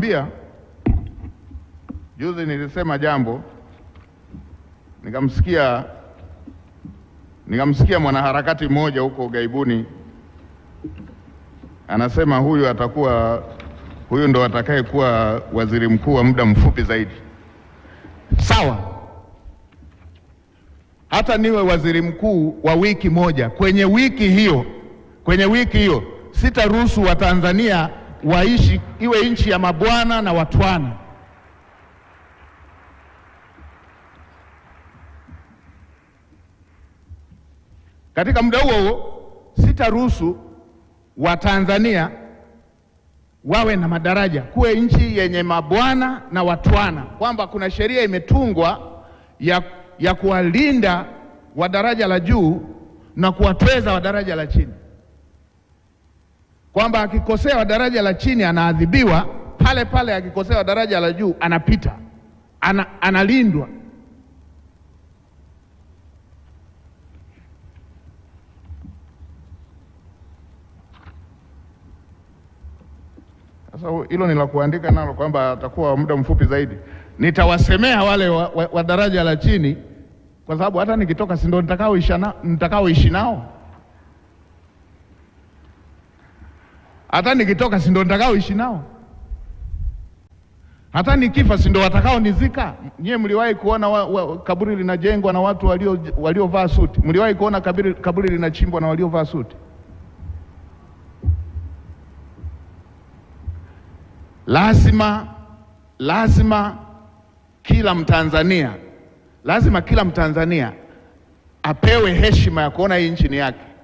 Mbia juzi nilisema jambo nikamsikia nikamsikia mwanaharakati mmoja huko ughaibuni anasema huyu atakuwa huyu ndo atakayekuwa waziri mkuu wa muda mfupi zaidi. Sawa, hata niwe waziri mkuu wa wiki moja, kwenye wiki hiyo, kwenye wiki hiyo sitaruhusu Watanzania waishi iwe nchi ya mabwana na watwana. Katika muda huo huo, sitaruhusu Watanzania wawe na madaraja, kuwe nchi yenye mabwana na watwana, kwamba kuna sheria imetungwa ya, ya kuwalinda wa daraja la juu na kuwatweza wa daraja la chini kwamba akikosea wa daraja la chini anaadhibiwa pale pale, akikosea wa daraja la juu anapita, ana, analindwa. Sasa hilo ni la kuandika nalo kwamba atakuwa muda mfupi zaidi. Nitawasemea wale wa, wa, wa daraja la chini, kwa sababu hata nikitoka si nitakaoishi nao hata nikitoka si ndo nitakaoishi nao, hata nikifa si ndo watakao nizika. Nyie mliwahi kuona wa, wa, kaburi linajengwa na watu waliovaa suti? Mliwahi kuona kaburi, kaburi linachimbwa na waliovaa suti? Lazima, lazima kila Mtanzania lazima kila Mtanzania apewe heshima ya kuona hii nchi ni yake.